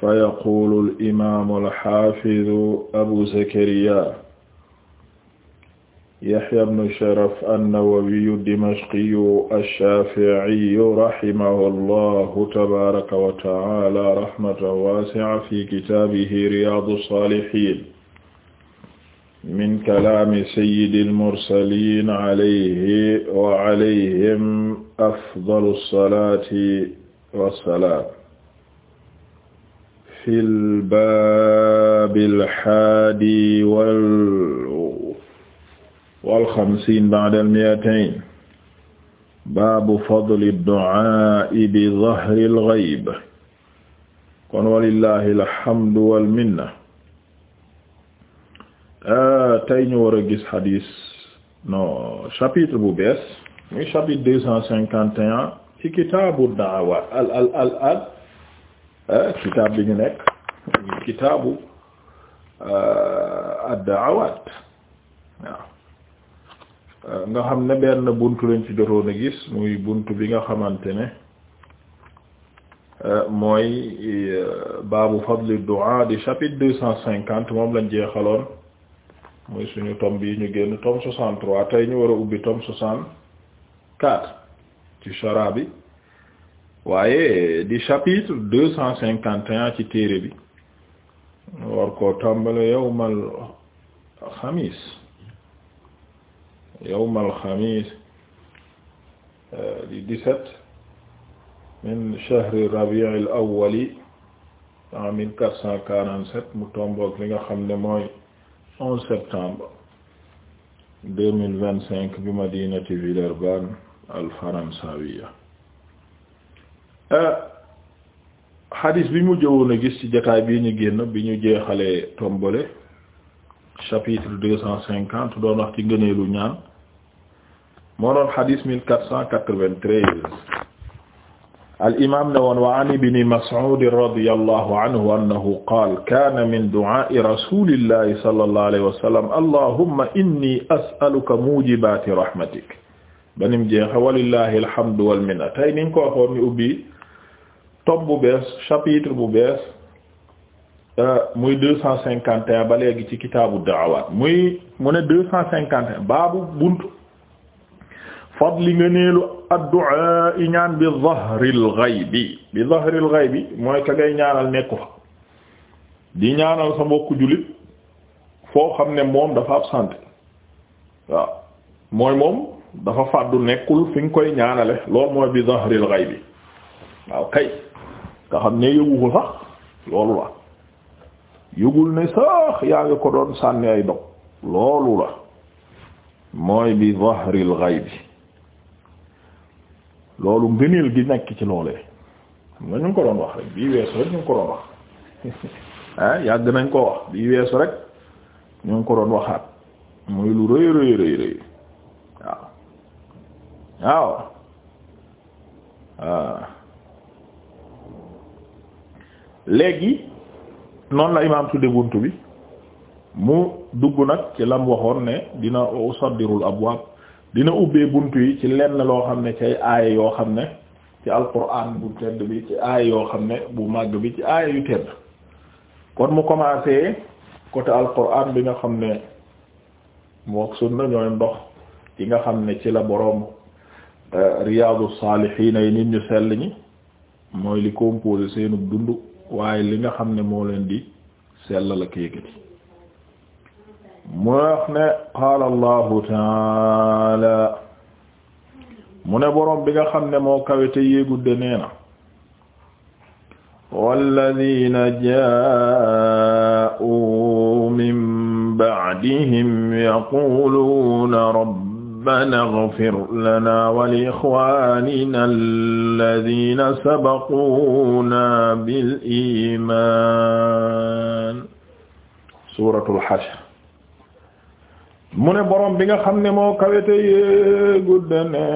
fayaqulu alimaamu alxafidu abu zakariya yaxya bnu sharaf annawawiyu dimashqiyu alshafiiyu rahimahu allahu tabaraka wa taala rahmatan waasica fi kitaabihi riyaadu saalihiin min kalaami sayyidi almursaliin alayhi wa alayhim afdalu salaati wassalaam fi lbaabi alhaadi wal wal xamsiin ba'da al-mi'atayn baabu fadli ad-du'aa'i bi dhahri al-ghayb kon walillahi alhamdu wal minna ah, tey ñu war a gis xadiis non chapitre bu bees muy chapitre deux cent cinquante et un ci kitaabu da'awaat al al al al Eh, kitaab bi ñu nekk kitaabu eh, ad-da'awaat waaw eh, nga xam ne benn buntu lañ ci jotoon a gis muy buntu bi nga xamante ne mooy baabu fadli du'a di chapitre deux cent cinquante moom lañ jeexaloon muy suñu tom bi ñu génn tome soixante trois tey ñu war a ubbi tome soixante quatre ci chara bi waaye di chapitre deux ci téere bi war koo tàmbale yawmal xamis yawmal xamis euh, di dix-sept min shahri rabi'il awwali cent quarante mu tomboog li nga xam ne mooy onze septembre deux mille vingt-cinq bi madinati Villeurbanne al faransawiya Euh, hadis bi mu jëwoon a gis ci jataay bii ñu génn bi ñu jeexalee tombole chapitre deux cent cinquante doon wax ci ngëneelu ñaan quatre cent quatre-vingt-treize al imam ne wa an ibni Mas'ud radiyallahu anhu annahu qaala kaana min du'aa'i rasulillahi sallallahu alayhi wa inni as'aluka mujibaati rahmatik banim jeexe walillahi alhamdu wal minna tey niñ ko waxoon ni ubbi tome bu bees chapitre bu bees euh, muy deux cent cinquante et ba léegi ci kitaabu da'awaat muy mu ne deux cent cinquante et un baabu buntu fadli nga neelu addu'a i ñaan bi zahril ghaybi bi zahril ghaybi mooy ka ngay ñaanal nekku fa di ñaanal sa mbokku jullit foo xam ne moom dafa absent waaw mooy moom dafa fàddu nekkul fi nga koy ñaanale loolu mooy bi zahril ghaybi waaw kay nga xam ne yëgu ko sax loolu la yëgul ne sax yaa ngi ko doon sànni ay dog loolu la mooy bi zahril ghaibi loolu ngëneel gi nekk ci loolee xam nga ñu ngi ko doon wax rek bii weesu rek ñu ngi ko doon ah, yàgg nañ ko wax weesu rek ñu ngi ko doon waxaat muy lu rëy rëy rëy waaw ah. léegi noonu la imaam tudde buntu bi mu dugg nag ci lam waxoon ne dina usaddirul abwaab dina ubbee buntu yi ci lenn loo xam ne cay aaya yoo xam ne ci alquran bu tedd bi ci aaya yoo xam ne bu màgg bi ci aaya yu tedd kon mu commencé côté alquran bi nga xam ne mook sunna ñooy ndox yi nga xam ne ci la boroom euh, riyaadu saalihiina yi nit ñu sell ñi mooy li composé seenu dund waaye li nga xam ne moo leen di sellal ak yëkkati mu wax ne qaala allahu taala mu ne boroom bi nga xam ne moo kawete yéegudde nee na walladina jaa'u min ba'dihim yaquluuna rabb rabbana ighfir lana wa li ikhwanina alladhina sabaquna bil iman suratul hashr mu ne borom bi nga xam ne moo kawete yee guddane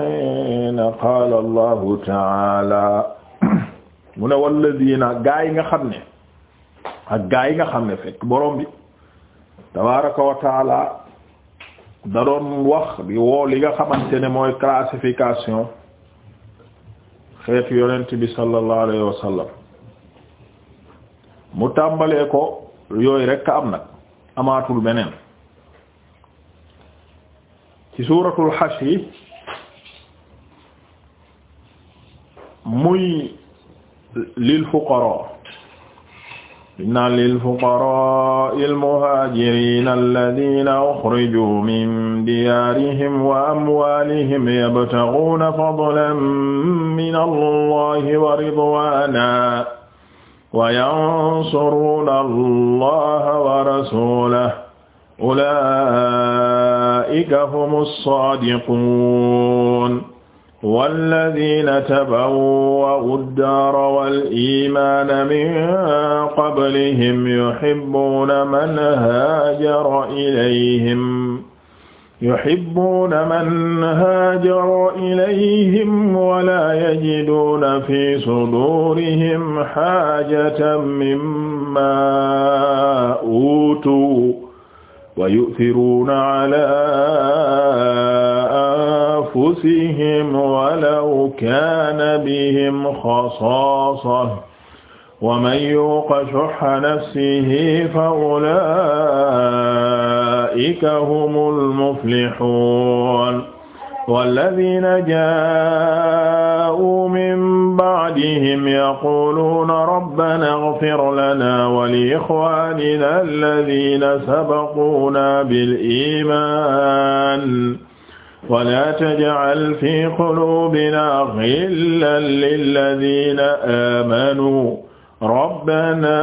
na qaala allahu taala mu ne walladina gaa yi nga xam ne ak gaa yi nga xam ne fekk borom bi tabaraka wa taala da doon wax di woo li nga xamante ne mooy classification xeetu yonent bi sallallahu alayhi wa mu tàmbalee ko yooyu rekk am nag amaatul beneen ci suuratu Hashr yi muy lil fuqara inna lil fuqaraa'i al-muhaajiriina allaziina uxrijuu min diyaarihim wa amwaalihim yabtaghuuna fadlan mina llaahi wa ridwaanan wa yansuruuna llaaha wa rasuulahu ulaa'ika humu ssaadiquun والذين تبوأوا الدار والإيمان من قبلهم يحبون من هاجر إليهم يحبون من هاجر إليهم ولا يجدون في صدورهم حاجة مما أوتوا ويؤثرون على anfusihim walaw kaana bihim xasaasa wa man yuuqa shuhha nafsihi fa ulaa'ika humul muflihuun wallaziina jaa'uu min ba'dihim yaquuluuna rabbanaa ighfir lanaa wa li ixwaaninaa allaziina sabaquunaa bil iimaan wala taj'al fi qulubina ghillan lilladhina amanu rabbana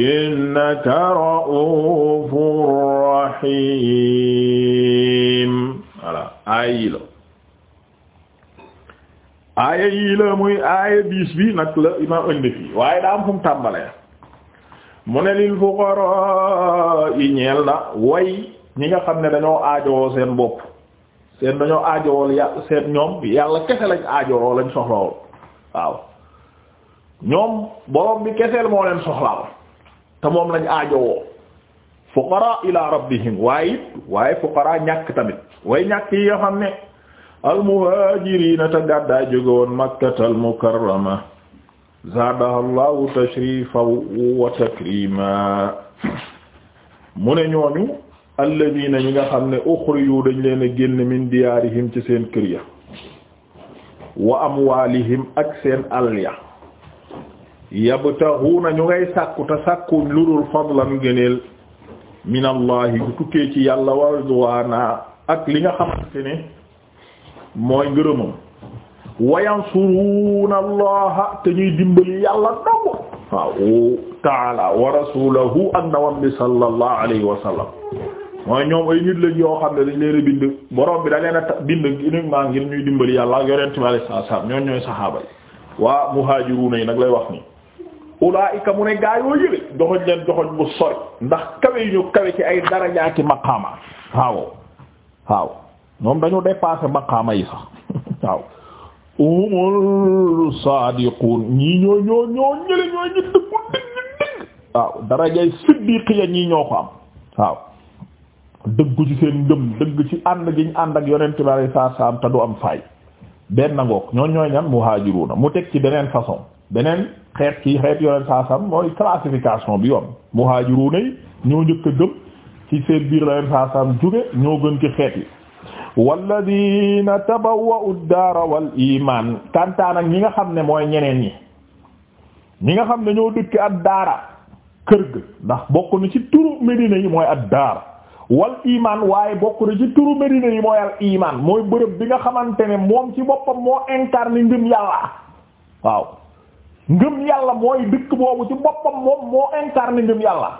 innaka ra'ufur rahim voilà aaya yi la aaya yi la muy aaya biis bi nag la imaam indi fii waaye daa am fu mu tàmbalee mu ne lil fuqara yi ñeel na way ñi nga xam ne dañoo aajowoo seen bopp seen dañoo aajowool ya ñoom yàlla kese lañ aajowoo lañ soxlawoo waaw ñoom borom bi keseel moo leen soxlaaw te moom lañ aajowoo fuqara ila rabbihim waaye it waaye fuqara ñàkk tamit way ñàkk yi nga xam ne almuhaajiriina te gàddaay jóge woon makkatal mukarrama zaadahallahu tashrifa wa takrima mu ne ñooñu alladina ñi nga xam ne uxriju dañ leen a génn min diyaarihim ci seen kër ya wa amwaalihim ak seen àll ya yabtaxuuna ñu ngay sàkku te sàkku lu dul fadlan gëneel minallahi bu tukkee ci yàlla wa ridwaana ak li nga xamante ne mooy ngërëmam wa yansuruuna allaha te ñuy dimbali yàlla dong waaw taala wa rasulahu ak ndawam bi sallallahu wa sallam mooy ñoom ay nit lañ yoo xam ne dañ leen a bind borom bi da leen a bind uniquement ngir ñuy dimbali yàlla ak yonent bi alayhi salaam ñoom ñooy saxaaba yi waa muhaajiruuna yi nag lay wax nii ulaa'ika mu ne gaa yoo yële joxoñ leen joxoñ bu sori ndax kawe yu ñu kawe ci ay daraja ci maqaama waaw waaw ñoom dañu dépassé maqaama yi sax waaw humul saadiquun ñii ñoo ñoo ñoo ñële ñoo ñu dëggu dëgg dëgg waaw darajay siddiqiya ñii ñoo ko am waaw dëggu ci seen ngëm dëgg ci ànd gi ànd ak yonent bi alayhi salaam te du am faay benn ngoog ñooñ ñooy ñan na mu teg ci beneen façon beneen xeet ci xeet yonent saa mooy classification bi yoon muhajiruna yi ñoo njëkk a gëm ci seen biir la yonent saa jóge ñoo gën ci xeet yi walladina tabawwa'u ad-daara wal iman kantaan ak ñi nga xam ne mooy ñeneen ñi ñi nga xam ne ñoo dëkk ad-daara kër ga ndax bokk na ci turu Medina yi mooy ad-daara wal iman waaye bokk na ci turu Medina yi mooy al iman mooy bërëb bi nga xamante ne moom ci boppam moo incarné ngëm yàlla waaw ngëm yàlla mooy dëkk boobu ci boppam moom moo incarné ngëm yàlla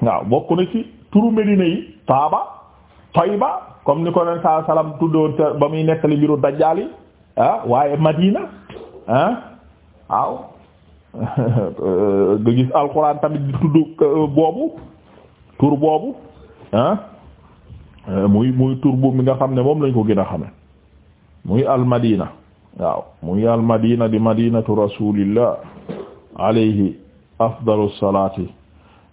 waaw bokk na ci turu Medina yi Taaba Tayba comme ni ko leen saa salaam tuddoon te ba muy nekkali mbiru dajjaali ah, waaye Madina ah waaw nga gis alxuraan tamit di tudd euh, boobu tur boobu ah euh, muy muy tur bu mi nga xam ne moom lañ ko gën a xame muy almadina waaw muy almadina di madinatu rasulillah alayhi afdalu salati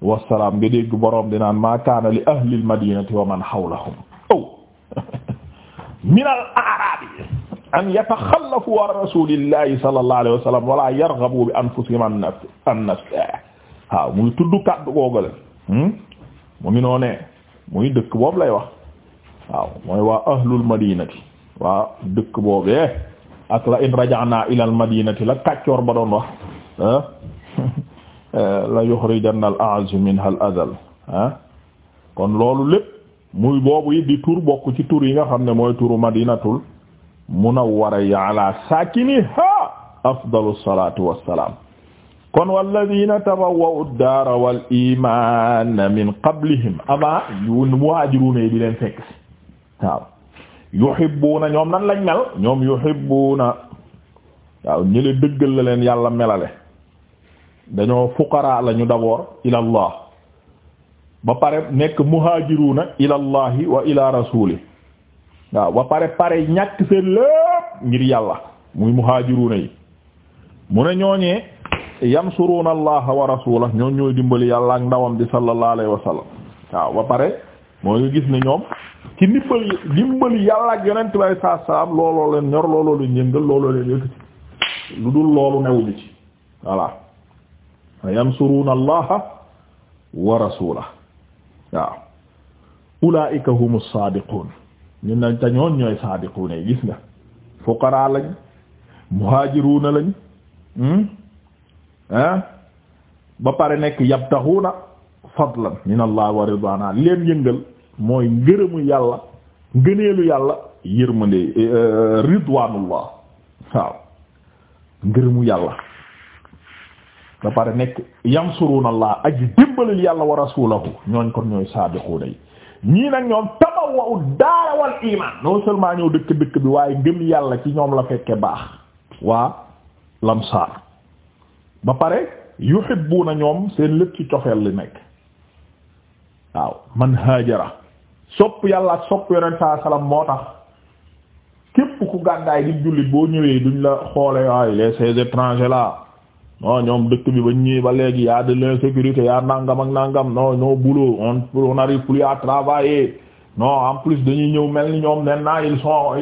wasalaam nga dégg boroom di naan ma kaana li ahlil madinati wa man hawlahum oh! aw min al arabi an yataxallafu an rasulillahi sallallahu alayhi wa sallam wala yarghabu bi anfusihim an nafs an nafs waaw muy tudd kàddu googu hmm? mu ngi noonee muy dëkk boobu lay wax waaw mooy waa ahlul madinati waaw dëkk boobee ak la in raja'na ilal madinati la kàccoor ba doon wax ah, la yuxrijanna al minha al ah. kon loolu lépp muy boobu yi di tur bokk ci tur yi nga xam ne mooy tur madinatul munawwara ala sakiniha afdalu salatu wassalam kon walladina tabawwa'u ad-daara wal iimaana min qablihim avant yu muhaajiruuna yi di leen fekk si waaw yuhibbuuna ñoom nan lañ mel ñoom yuhibbuuna waaw ñële dëggal la leen yàlla melale dañoo fuqaraa lañu d'abord ila allah ba pare nekk muhaajiruuna ila allahi wa ila rasuli waaw ba pare pare ñàkk seen lépp ngir yàlla muy muhaajiruuna yi mu ne ñooñee yansuruna allaha wa rasulahu ñoom ñooy dimbali yàlla ak ndawam di sallallahu alayhi wa sallam waaw ba pare moo ngi gis ni ñoom ci ndimbali dimbali yàlla ak yonent bi sallallahu alayhi looloo leen ñor looloo leen yëngal looloo leen yëkkati lu dul loolu newuñu ci voilà yansuruna allaha wa rasulahu waaw ulaa'ika humu saadiquun ñu ne te ñoon ñooy saadiquun yi gis nga fuqaraa lañ muhaajiruuna lañ hmm? ah ba pare nekk yabtaxuuna fadlan min allah wa ridwaana leen yëngal mooy ngërëmu yàlla ngëneelu yàlla yërmande eh, eh, ridwaanullah waaw ngërëmu yàlla ba pare nekk yansuruuna allah aji dimbalil yàlla wa rasuulahu ñooñ kon ñooy saabiquuna yi ñii nag ñoom tabawwa'u daara wal iman non seulement ñëw dëkk dëkk bi waaye ngëm yàlla ci ñoom la fekke baax waa lamsaar ba pare na ñoom seen lépp ci cofeel li nekk waaw man haajara sopp yàlla ak sopp yonent saa salaam moo tax képp ku gàddaay di jullit boo ñëwee duñ la xoole waaye les ces étrangers là non ñoom dëkk bi ba ñëwee ba léegi y di de l'insécurité y a nangam ak nangam non non boulot on on arrive plus à travailler non en plus dañuy ñëw mel ni ñoom maintenant ils sont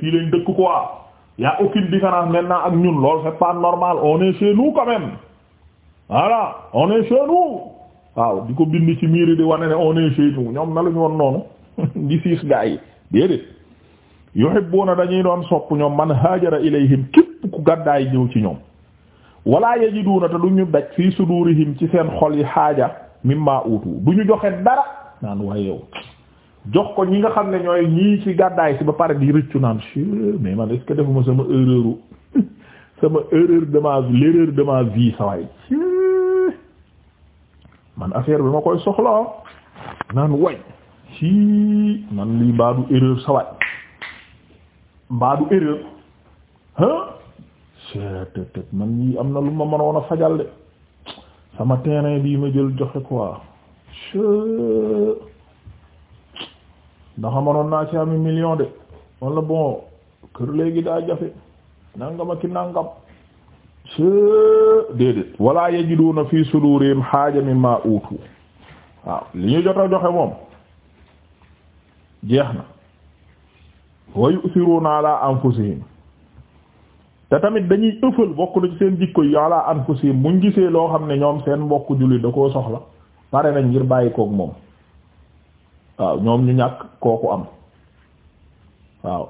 fii lañ dëkk quoi. y a aucune différence maintenant ak ñun lool c'est pas normal on est chez nous quand waaw di ko bind ci miiri di wane ne on est chez nous ñoom meluñu woon noonu di siis gaa yi déedéet yuhibbuna dañuy doon sopp ñoom man haajara ilayhim képp ku gàddaay ñëw ci ñoom wala yajiduna te duñu daj fii sudurihim ci seen xol yi xaaja mimma utu ñu joxe dara naan waaye jox ko ñi nga xam ne ñooy ñii ci gàddaay si ba pare di rëccu naan mais man est defuma sama erreur sama erreur de ma l'erreur vie saway man affaire bi ma koy soxla naan way ci man lii mbaadu erreur saway mbaadu erreur ah cettt man yi am na lu ma mënoon a fajal de sama terrain bii ma jël joxe quoi ndax mënoon naa ci am million de wala bon kër léegi daa jafe nangama ki nangam se déedéet wala yajiduna fi sudurihim haaja mimma utu waaw li ñu jot a joxe moom jeex na wa yusiruna ala anfusihim te tamit dañuy ëffal bokk na ci seen jikko yi ala anfusihim buñ gisee loo xam ne ñoom seen mbokk jullit da koo soxla pare nañ ngir bàyyi koog moom waaw ñoom ñu ñàkk kooku am waaw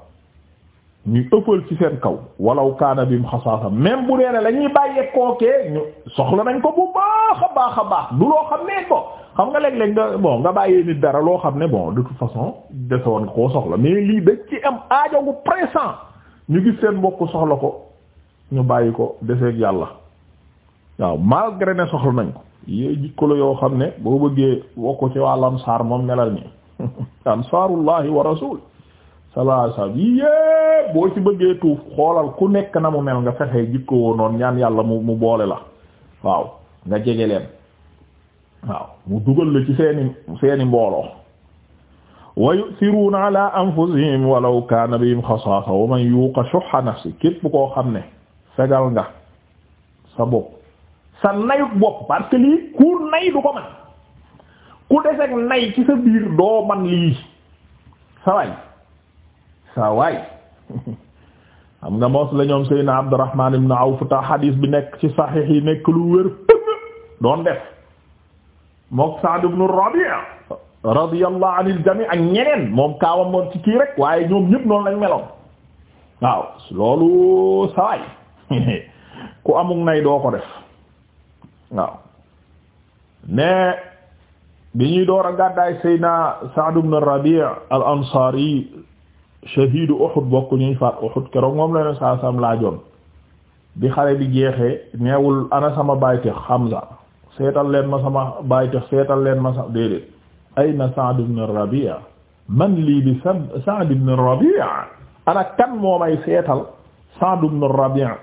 ñu ëppal ci seen kaw walaw kaana bim xasaasa même bu dee na lañuy ñuy bàyyee kookee ñu soxla nañ ko bu baax a baax a baax du loo xam ne ko xam nga léeg-léeg nga bàyyee nit dara loo xam ne bon de toute façon dese woon nga koo soxla mais lii dañ ci am aajo gu pressant ñu gis seen mbokk soxla ko ñu bàyyi ko deseeg yàlla waaw malgré ne soxla nañ ko. yooyu jikko la yoo xam ne boo bëggee bokk ci wàll ansaar moom melal nii ansaarullahi wa rasul sallallahu alayhi wasallam boo ci bëggee tuuf xoolal ku nekk na mu mel nga fexee jikko woo noonu ñaan yàlla mu mu boole la waaw nga jege leen waaw mu dugal la ci seeni seeni mbooloo wa yu'thiruna ala anfusihim walaw kana bihim xasaasa wa man yuqa shuhha nafsi képp koo xam ne fegal nga sa bopp sa nayut bopp parce que lii ku nay du ko man ku deseg nay ci sa biir doo man lii sa waay xam nga mos la ñoom Seydina Abdurrahman ibn Awf ta xadiis bi nekk ci saxiix yi nekk lu wér pëgg doon def mook Sa'd ibn Rabi' radiyallahu anil jami' ak ñeneen moom kaawam moom ci kii rek waaye ñoom ñépp noonu lañ meloon waaw loolu sa ku amul nay doo ko def waaw mais bi ñuy door a gàddaay Seydina Sa'd ibn Rabi' al ansari shahidu Uhud bokk ñuy faat Uhud keroog moom la ne laa sam bi xare bi jeexee neewul ana sama baytex Hamza seetal leen ma sama baytex seetal leen ma sa déedéet ayna Sa'd ibn Rabi' man lii bi Sa'd ibn Rabi' ana kan moo may seetal Sa'd ibn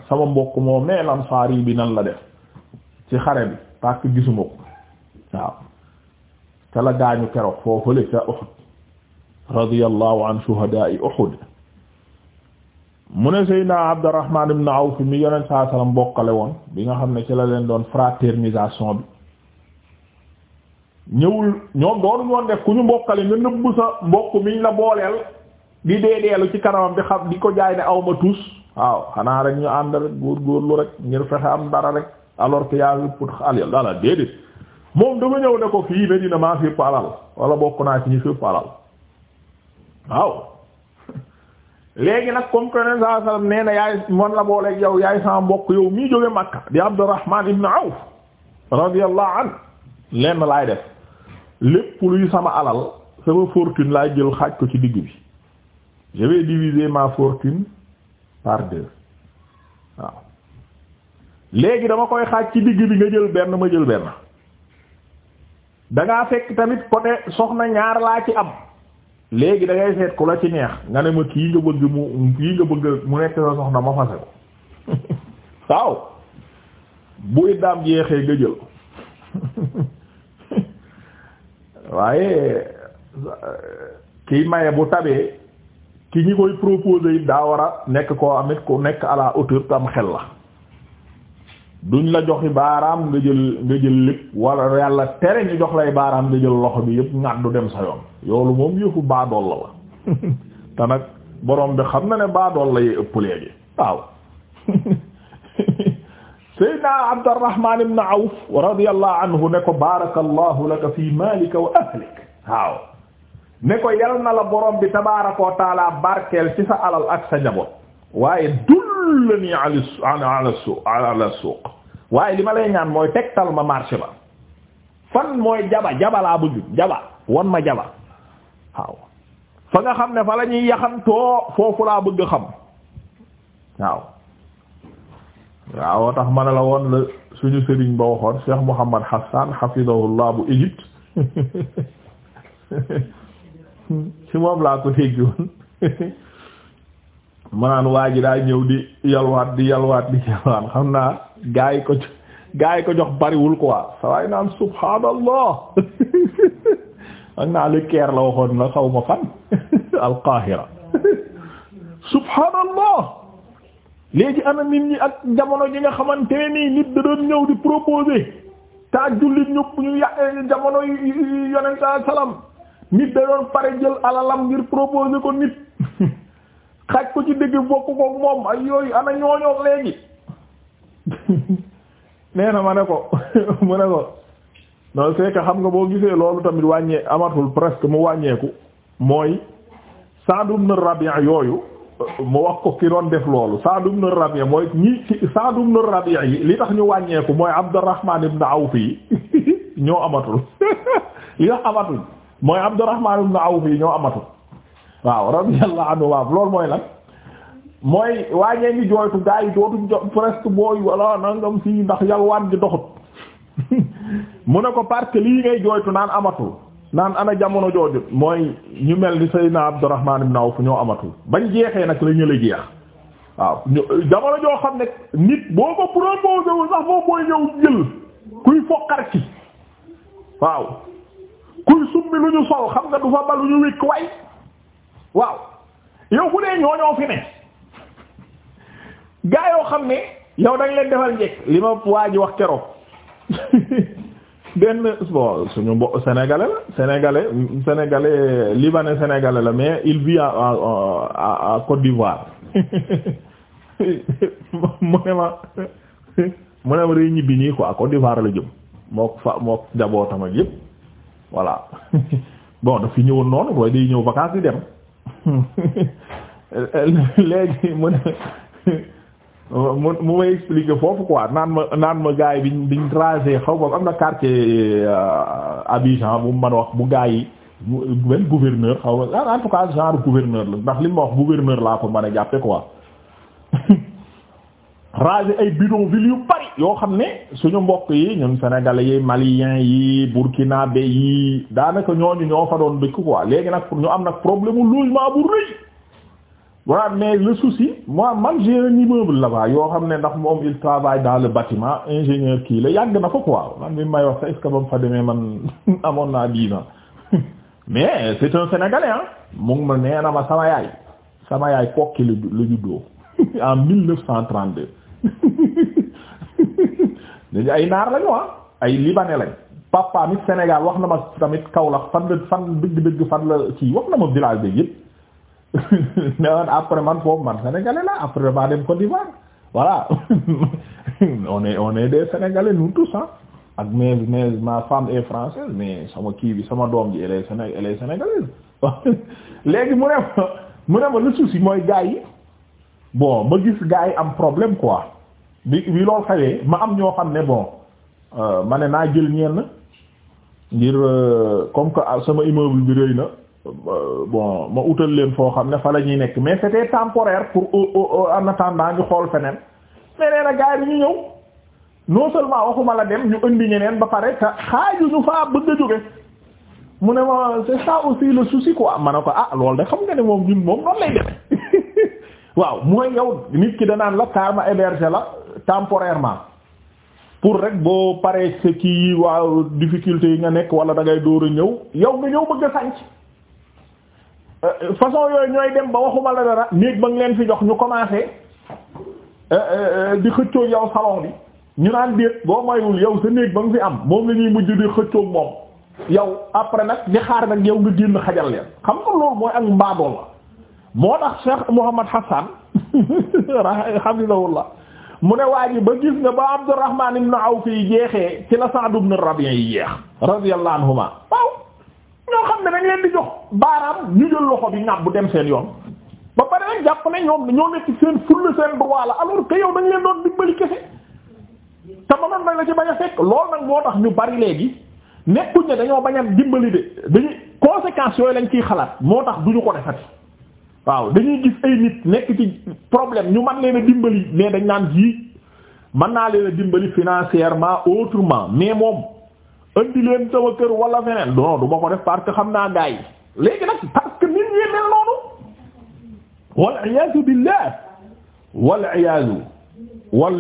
sama mbokk moom nee al ansari bi nan la def ci xare bi parce gisuma ko waaw te la gaañu keroog foofule ca Uhud radiyallahu an shuhada'i Uhud mu ne Seydina Abdurrahman ibn Awf mi yonent saa sallam bokkale woon bi nga xam ne ci la leen doon fraternisation bi ñëwul ñoom doonu ñoon def ku ñu mbokkale nga nëbb sa mbokk miñ la booleel di deedeelu ci kanamam di xam di ko jaay ne awma tus waaw xanaa rek ñu ànd rek góor góorlu rek ngir fexe am dara rek alors que yaa wépp xaalis daala déedéet moom dafa ñëw ne ko fii Medina maa fi ëpp alal wala bokk naa ci ñu fi alal waaw léegi nag comme que ne saa sallam nee yaay man la booleeg yow yaay saa mbokk yow mii jóge Makka di Abdurrahman ibn Awf radiyallahu an lenn laay def lépp luy sama alal sama fortune laay jël xaaj ko ci digg bi je vais diviser ma fortune par deux waaw léegi dama koy xaaj ci digg bi nga jël benn ma jël benn dangaa fekk tamit côté soxna ñaar laa ci am léegi da ngay seet ku la ci neex nga ne ma kii nga bëgg mu kii nga bëgg mu nekk sa soxna ma fase ko waaw buy daam jeexee nga jël waaye kiy maye bu tabee ki ñi koy proposer it daa war a nekk koo amit ku nekk à la hauteur tam xel la duñ la joxi baaraam nga jël nga jël lépp wala yàlla tere ñu jox lay baaraam nga jël loxo bi yëpp ngat du dem sa yoon yoolu moom yëfu baadool la la te nag borom bi xam na ne baadool la yee ëpp léegi waaw Seydina Abdurrahman ibn Awf radiyallahu anhu ne ko la borom bi tabaaraka wa barkeel ci sa alal ak sa njaboot waaye dullani ala ala suuq ala suuq waaye li ma lay ñaan mooy tegtal ma marché ba fan mooy jaba jaba laa bëgg jaba wan ma jaba waaw fa nga xam ne fa la ñuy yaxantoo foofu laa bëgg xam waaw waaw tax ma ne la woon la suñu sëriñ ba waxoon Cheikh Mouhamad Hassan hafidahullah bu Égypte ci moom laa ko dégg woon manaan waa ji daa ñëw di yalwaat di yalwaat di yalwaat xam naa gaa yi ko gaa yi ko jox bariwul ko sa waay naan subhaanallah ak naa li keer la waxoon na xaw ma fan alqahira subhaanallah léegi ana nit ñi ak jamono ji nga xamante nii nit da doon ñëw di proposer ta jullit ñu ñu yà jamono yonent salam nit da doon pare jël alalam ngir proposer ko nit xaj ko ci dëgg bokk ko moom ay yooyu ana ñooñoo léegi nee na ma ne ko mu ne ko non c'est xam nga boo gisee loolu tamit wàññee amatul presque mu wàññeeku mooy Sa'd ibn Rabi'a yooyu mu wax ko ki doon def loolu Sa'd ibn Rabi'a mooy ñi Sa'd ibn Rabi'a yi li tax ñu wàññeeku mooy Abdurrahman ibn Awf yi ñoo amatul li tax amatul mooy Abdurrahman ibn Awf yi ñoo amatul waaw radiyallahu anhu waaw loolu mooy lan mooy waañee ngi jooytu gaa yi dootuñ jo presque booy walla nangam fii ndax yalwaan gi doxut mu ne ko parce que lii ngay jooytu naan amatul naan ana jamono jooju mooy ñu mel ni Seydina Abdurrahman ibn Awf ñoo amatul bañ jeexee nag la ñu la jeex waaw jamono joo xam ne nit boo ko proposé wu sax boo mooy ñëw kuy foqar ci waaw kuy summi lu ñu sol xam nga du fa ba ñu wékk way waaw yow bu ñooñoo fi ne gaa yoo xam ne yow dañ leen defal njëkk li ma waa ji wax keroog benn bon suñu mbo sénégalais la sénégalais sénégalais libanais sénégalais la mais il vit à Côte d'Ivoire mu ne ma mu ne ma day ñibbi nii quoi Côte d'Ivoire la jëm mook fa mook njabootam ak yëpp voilà bon daf fi ñëwoon noonu mooy day ñëw vacances di dem. léegi mu ne mu may expliquer foofu quoi naan ma naan ma gars yi biñ biñ tracé xaw ma am na quartier euh, Abidjan bu mu mën a wax bu gars yi benn gouverneur xaw ma en tout cas genre gouverneur la ndax li ma wax gouverneur laa ko mën a jàppe quoi raser ay bidonville yu bari yoo xam ne suñu mbokk yi ñun sénégalais yi maliens yi burkinabé yi daanaka ñooñu ñoo fa doon dëkk quoi léegi nag ñu am nag problème mu logement bu rëy voilà mais le souci moi man j'ai un immeuble yoo xam ne ndax moom il travaille dans le bâtiment ingénieur kii la yàgg na ko quoi man mi may wax sax est-ce que ba mu fa demee man amoon naa diina mais c'est un sénégalais ah mu ma nee na ma sama yaay sama yaay kokki la juddoo en 1932 dañu ay naar lañu ah ay libanais lañ papa Sénégal wax na ma tamit Kaolack la fan dëgg-dëgg fan la ci wax na ma village bi yëpp mais après man foofu man sénégalais la après ma dem Côte d'Ivoire voilà on est on est des sénégalais nous tous ah ak mais mais ma femme est française mais sama kii bi sama doom ji elle est séné léegi mu ne ma mu ne ma le souci mooy gars yi bon ma gis gars yi am problème quoi. bi bi lool xawee ma am ñoo xam ne bon euh, ma ne naa jël ñenn ngir euh, comme que ah, sama immeuble bi rëy na euh, bon ma utal leen foo xam ne fa la ñuy nekk mais c'était temporaire pour en attendant ngi xool feneen mais a na gars yi ñu ñëw non seulement waxuma la dem ñu indi ñeneen ba pare te xaaju ñu faa bëgg a jóge mu ne ma c'est ça aussi le souci quoi ma ne ko ah loolu de xam nga ne moom ñun moom noonu lay demee waaw mooy yow nit ki danaan la kaar ma héberger la temporairement pour rek boo paree sa kii waaw difficulté yi nga nekk wala da ngay dóor a ñëw yow nga ñëw bëgg a sànc euh, façon yooyu ñooy dem ba waxuma la dara néeg ba nga leen fi jox ñu commencé euh, euh, di xëccoo yow salon bi ñu naan déet boo mayul yow sa néeg ba nga fi am moom la ñuy mujj di xëccoo moom yow après nag di xaar nag yow nga génn xajal leen xam nga loolu mooy ak mbaadool la moo tax Cheikh Mouhamad Hassan la mu ne waa ji ba gis nga ba Abdurrahman ibn Awf yi jeexee ci la Sa'd ibn Rabi' yi jeex radiyallahu anhuma waaw ñoo xam ne dañ leen di jox baaraam ñu jël loxo bi ñàpp bu dem seen yoon ba pare nag jàpp ne ñoom ñoo nekk seen fulla seen droit la alors que yow dañ leen doon dimbali kese te mënoon nañ la ci bañ a fekk loolu nag moo tax ñu bari léegi nekkuñ ne dañoo bañ a dimbali de dañuy conséquences yooyu lañ ciy xalaat moo tax duñu ko defati waaw dañuy gis ay nit nekk ci problème ñu man leen a dimbali mais dañ naan ji mën naa leen a dimbali financièrement autrement mais moom andi leen sama kër wala feneen non du ko def parce que xam naa gars yi léegi nag parce nit ñi mel noonu wal iyaazu billah wal wal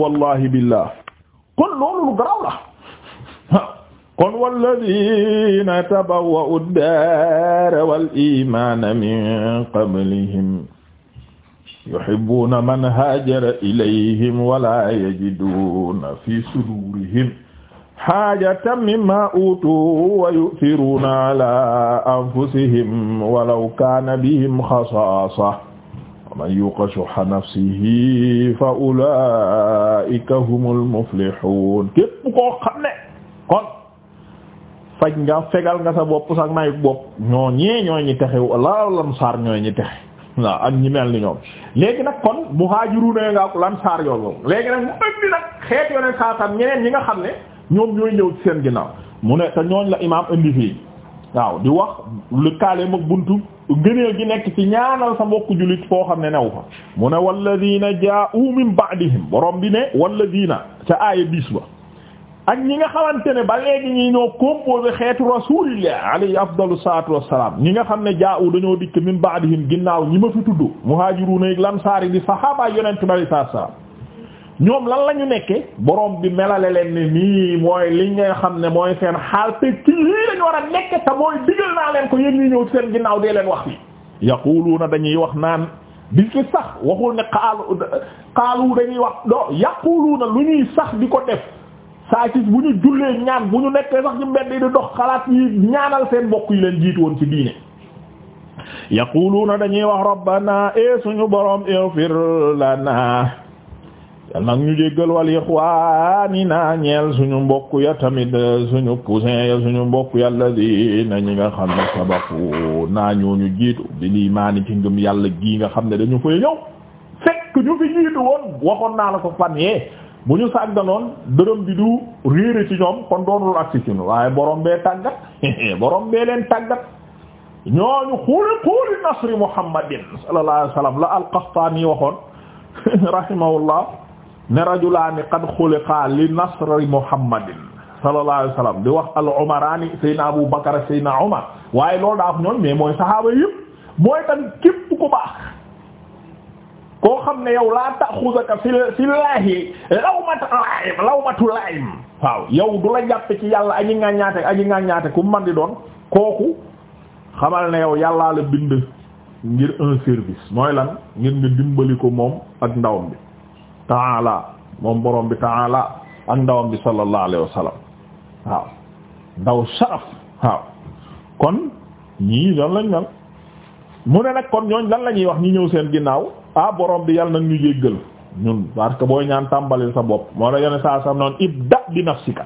wallahi billah kon loolu lu garaw la kon walladina tabawwa'u ad-daara wal iimaana min qablihim yuhibbuuna man haajara ilayhim wala yajiduuna fi suduurihim haajatan mimmaa uutuu wa yu'thiruuna alaa anfusihim walaw kaana bihim khasaasa wa man yuuqa shuhha nafsihi fa ulaa'ika humul muflihuun képp koo xam ne kon faj nga fegal nga sa bopp sax nayu bopp ñoo ñee ñooy ñi texe walla lansaar ñooy ñi texe waaw ak ñi mel ni ñoom léegi nag kon muhaajiruuna nga lansaar yoon moom léegi nag mu ëndi nag xeet yoneen saasan ñeneen ñi nga xam ne ñoom ñooy ñëw seen ginnaaw mu ne te ñooñ la imaam indi fii waaw di wax lu kaale mag buntu gëneel gi nekk ci ñaanal sa mbokku jullit foo xam ne new fa mu ne walladina jaa'u min ba'dihim borom bi ne walladina ca aaya bis ak ñi nga xamante ne ba léegi ñi ñoo composé xeetu rasulillah alayhi afdalu salaatu wassalaam ñi nga xam ne jaa'u dañoo dikk min ba'dihim ginnaaw ñi ma fi tudd muhaajiruuna ak lansaari di sahaaba yonent bi alayhi salaatu wassalaam ñoom lan la ñu nekke borom bi melale leen ne nii mooy li nga xam ne mooy seen xaal te ci ko yéen ñi ñëw seen leen wax li yaquluuna dañuy wax naan di ci sax waxul ne xaalu xaalu dañuy wax do na lu ñuy sax di ko def saa bu ñu jullee ñaan bu ñu nekkee sax ci mbedd yi di dox xalaat yi ñaanal seen mbokk yi leen jiitu woon ci diine yaquluuna dañuy wax rabbana e suñu borom ighfir lana yal nag ñu jéggal wal ixwaanina ñeel suñu mbokk ya tamit suñu cousin ya suñu mbokk ya alladina ñi nga xam ne sabaku naa ñooñu jiitu bi liimaani ci ngëm yàlla gii nga xam ne dañu fay ñëw fekk ñu fi jiitu woon waxoon naa la ko fan yee bu ñu sàgganoon dërëm bi du réere ci ñoom kon doonul ak ci ñun waaye borom bee tàggat borom bee leen tàggat ñooñu xuuli xuuli nasri muhammadin sallallahu wasallam la al-Qahtani waxoon rahimahullah ne rajulaani qad xuliqa li nasri muhammadin sallallahu alayhi wasallam di wax al-umarani sayna Abu Bakar sayna Umar waaye loolu daa ñoon mais mooy saxaaba yëpp mooy tamit képp ku baax koo xam ne yow laa taxuzaka fi fi laahi lawmatu laa'im lawmatu laa'im waaw yow du la jàppe ci yàlla aji nga ñaate aji nga ñaate ku man di doon kooku xamal ne yow yàllaa la bind ngir un service mooy lan ngir nga dimbali ko moom ak ndawam bi ta'ala moom borom bi ta'ala ak ndawam bi sallallahu alayhi wa sallam waaw ndaw saraf waaw kon ñii lan lañ mel mu ne nag kon ñooñ lan la ñuy wax ñii ñëw seen ginnaaw ah borom bi yàlla nag ñu jéggal ñun parce que booy ñaan tàmbalil sa bopp moo la yone saa sam noonu ibda bi nafsika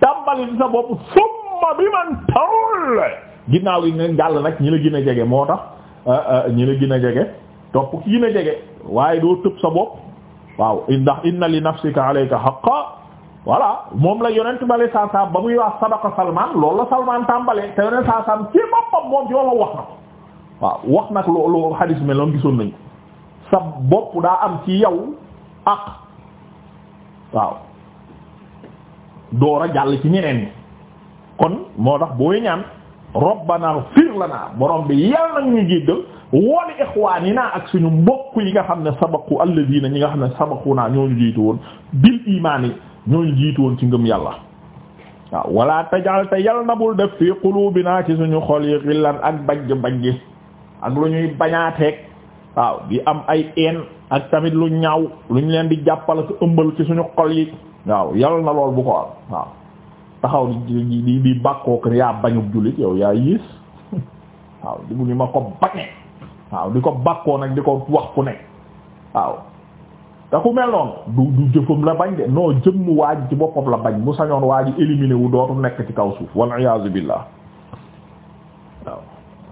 tàmbalil sa bopp summa bi man tawl ginnaaw gi nga gàll nag ñi la gën a jege moo tax ah, ah, ñi la gën a jege topp ki gën a jege waaye doo tëb sa bopp waaw ndax na li nafsika alayka haqqa voilà moom la yonent bale saa saam ba muy wax sadaqa Salman loolu la Salman tàmbalee te yonent saa saam ci boppam moom yow la wax na waaw wax nag mel noonu gisoon nañu sa bopp daa am ci yow ak waaw door jàll ci ñeneen kon moo tax booy ñaan rabbana ighfir lana borom bi yàlla na ñu jéggal wali ixwaanina ak suñu mbokk yi nga xam ne sabaqu alladina ñi nga xam ne sabaquna ñooñu jiitu woon bil imaani ñooñu jiitu woon ci ngëm yàlla waaw wala tajal te yal na bul def fii qulubina ci suñu xol yi xillan ak bajj bajj ak lu ñuy bañaateeg waaw di am ay een ak tamit lu ñaaw lu ñu leen di jàppal ak ëmbal ci suñu xol yi waaw yal na lool bu ko am waaw taxaw di di di bàkkook yaa bañub jullit yow yaa yiis waaw di bu ñu ma ko bañee waaw di ko bàkkoo nag di ko wax ku nekk waaw te ku mel noonu du du jëfam la bañ de non jëmm waaj ci boppam la bañ mu sañoon waaj éliminer wu dootu nekk ci kaw suuf wal iyaazu billah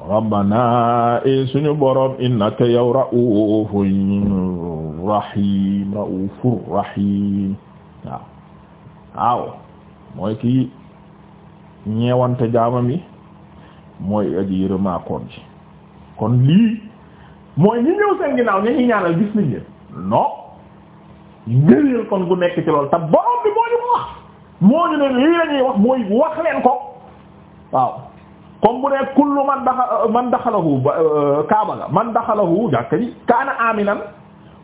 rabbana e suñu borom innaka yow raufun rahim raufur rahim waaw waaw mooy kii ñeewante jaamam yi mooy aji yërëmaa koon ji kon lii mooy ñi ñëw seen ginnaaw ña ñu ñaanal gis nañ leen non ngëneel kon gu nekk ci loolu te borom bi moo ñu ko wax moo ñu ne lii la ñuy wax mooy wax leen ko waaw comme bu ne kullu man daxa man daxalahu euh, kaaba la man daxalahu jàkka ji kaana aminan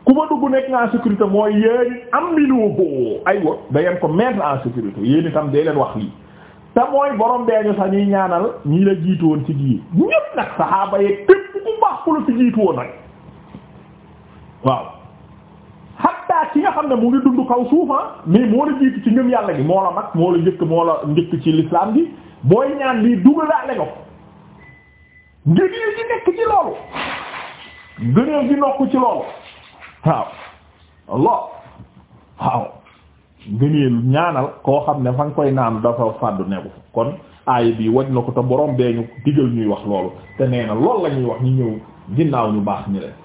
ku ma dugg nekk en sécurité mooy yéen am minoo boo ay wa da ngeen ko mettre en sécurité yéen itam day leen wax lii te mooy borom ñu sax ñuy ñaanal ñii la jiitu woon ci gii ñëpp nag saxaaba yeeg képp ku baax ku la ci jiitu woon rek waaw hatta ci nga xam ne mu ngi dund kaw suufa ah, mais moo la jiitu ci ngëm yàlla gi moo la mag moo la njëkk moo la njëkk ci l'islam gi booy ñaan lii dugalaale ko ngëneel gi nekk ci loolu ngëneel gi nokk ci loolu waaw Allah waaw ngëneel ñaanal koo xam ne fa nga koy naan dafa fàddu neku kon aay bii wañ na ko te borom bee ñu digal ñuy wax loolu te nee na loolu wax ñu ñëw ginnaaw ñu baax ñi leen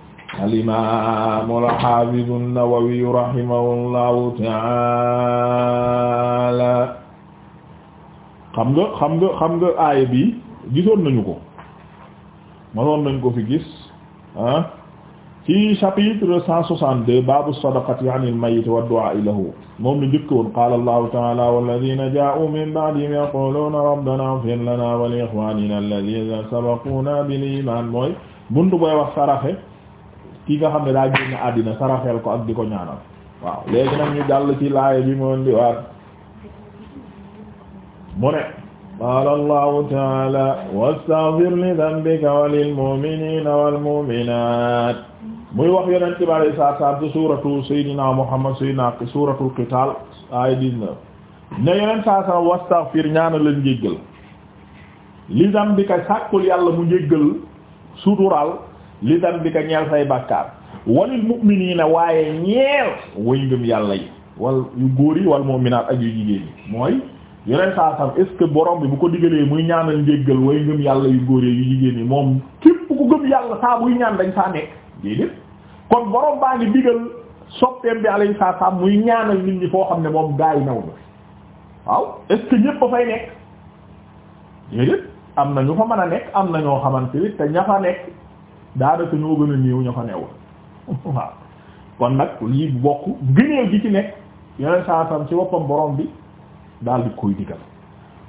alimamu alxafidu nawawi rahimahullahu taala xam nga xam nga xam nga aaya bi gisoon nañu ko mënoon nañ ko fi gis ah ci chapitre cent soixante-deux baabu sadaqati anil mayyit wa du'a lahu moom la njëkk woon qaala allahu ta'ala walladhina jaa'u min ba'dihim yaquluna rabbana ighfir lana wa li ikhwanina sabaquna bil iman mooy buntu booy wax saraxe ki nga xam ne daa génn àddina saraxeel ko ak di ko ñaanal waaw léegi nag ñu dal ci laaya bi moon di waat mu ne qaala allahu taala wastaghfir li dambika wa lil mu'minina wal muy wax yonent bi alayhi salaatu salaam ci suuratu sayyidina Muhammad sayyidina suuratul qitaal ay dix-neuf ne yonent saa salaam ñaana la njéggal li dambika sàkkul yàlla mu njéggal sutural li dambika ñeel say bàkkaar walil mu'minina waaye ñeel way ngëm yàlla yi wal yu góor yi wal mu'minaat ak yu jigéen yi mooy yeneen saa sam est boroom bi bu ko digalee muy ñaanal njéggal way ngëm yàlla yu góor yu jigéen yi moom képp ku gëm yàlla saa buy ñaan dañ saa nekk déedéet kon borom baa ngi digal soppeem bi alayhi saa sam muy ñaanal nit ñi foo xam ne moom gaa yi new na waaw est ñépp a fay nekk déedéet am na ñu fa mën a nekk am na ñoo xamante ni te ña fa nekk daanaka ñoo gën a néew ña fa newul waaw kon nag lii bokk gëneel gi ci nekk yeneen saa sam ci boppam bi. daal di koy digal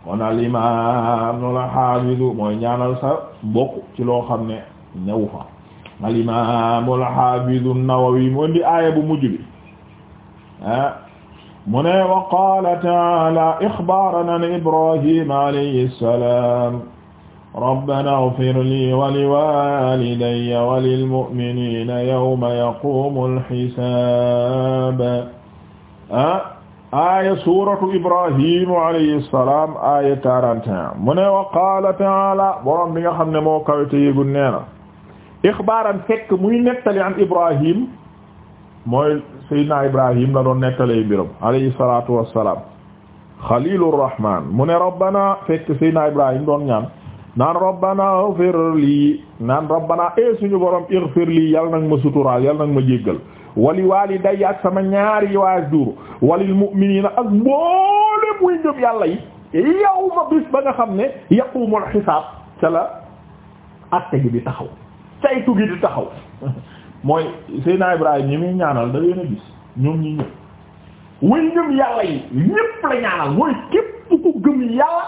kon al imaamul xaafidu mooy ñaanal sa mbokk ci loo xam ne ñëw fa al imaamul xaafidu nawawi mu indi aaya bu mujj bi ah mu ne wa qaala taala ixbaaran an ibrahim alayhi salaam rabbana ighfir li wa liwaalidayya wa lilmu'miniina yawma yaquumul hisaab ah aaya suratu ibrahimu alayhi salaam aaya 41 mu ne wa qaala taala boroom bi nga xam ne moo kawite yégul nee na ixbaaran fekk muy nettali an ibrahim mooy sayyidina ibrahim la doon nettalee mbiram alayhi salatu wassalaam xalilur rahman mu ne rabbana fekk sayyidina ibrahim doon ñaan naan rabbana ighfir lii naan rabbana e suñu borom ighfir lii yal nag ma suturaal yal nag ma jéggal wali waalidayya ak sama ñaari waay duuru walil mu'minina ak mboolem muy ngëm yàlla yi yawma bis ba nga xam ne yaqumul xisaab ca la atte gi di taxaw caytu gi di taxaw mooy Seydina Ibrahima ñi muy ñaanal da leen a gis ñoom ñi ñëpp way ngëm yàlla yi ñépp la ñaanal mooy képp ku gëm yàlla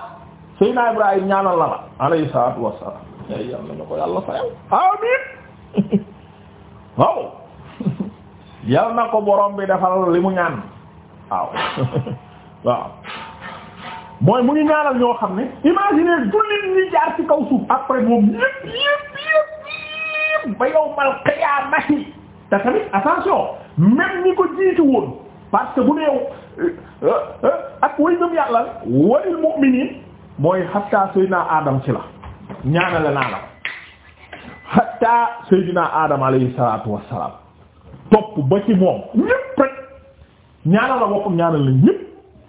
Seydina Ibrahima ñaanal la la alayhi salaatu wassalaam yàlla na ko yàlla fayal amiin waaw yal na ko borom bi defal li mu ñaan waaw waaw mooy mu ngi ñaanal ñoo xam ne imaginer jullit ñi jaar ci kaw suuf après moom yépp yépp yépp yépp ba yawmal qiyaamati te tamit attention même ñi ko jiitu woon parce que bu neew euh, euh, ak way ñoom yàlla walil mu'minin mooy hatta sayyidina adam ci la ñaanale naa la hatta sayyidina adam alayhi salatu wassalam topp ba ci moom ñépp rek ñaanal la boppam ñaanal la ñépp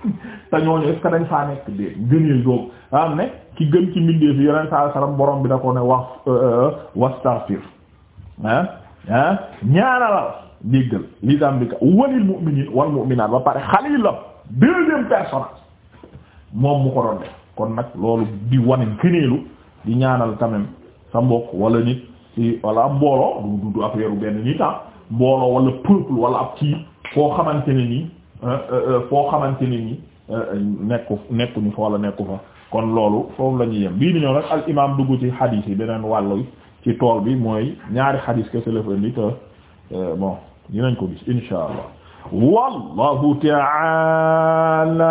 te ñooñu est ce dañ faa nekk de gëneel joobu am ah ne ki gën ci mbindee fi yeneen saa saram borom bi da ko ne wax euh, euh, wastaghfir ah ah ñaanalal déggal li dambika walil mu'minin wal mu'minat ba pare xalil la deuxième moom mu ko doon def kon nag loolu di wane gëneelu di ñaanal quand même sa mbokk wala nit ci wala am mbooloo du du affaire benn nit ah mbooloo wala peuple wala ab kii foo xamante ni nii euh, euh, foo xamante ne nii euh, nekku nekkuñu fa wala nekku fa kon loolu foofu la ñuy yem bii ni ñëw nag al imam dugg ci xadiis yi beneen wàllu ci tool bi mooy ñaari xadiis ke téléphone bi te bon dinañ ko gis insha allah wallahu ta'ala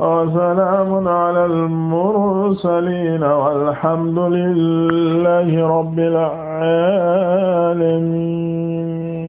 وسلام على المرسلين والحمد لله رب العالمين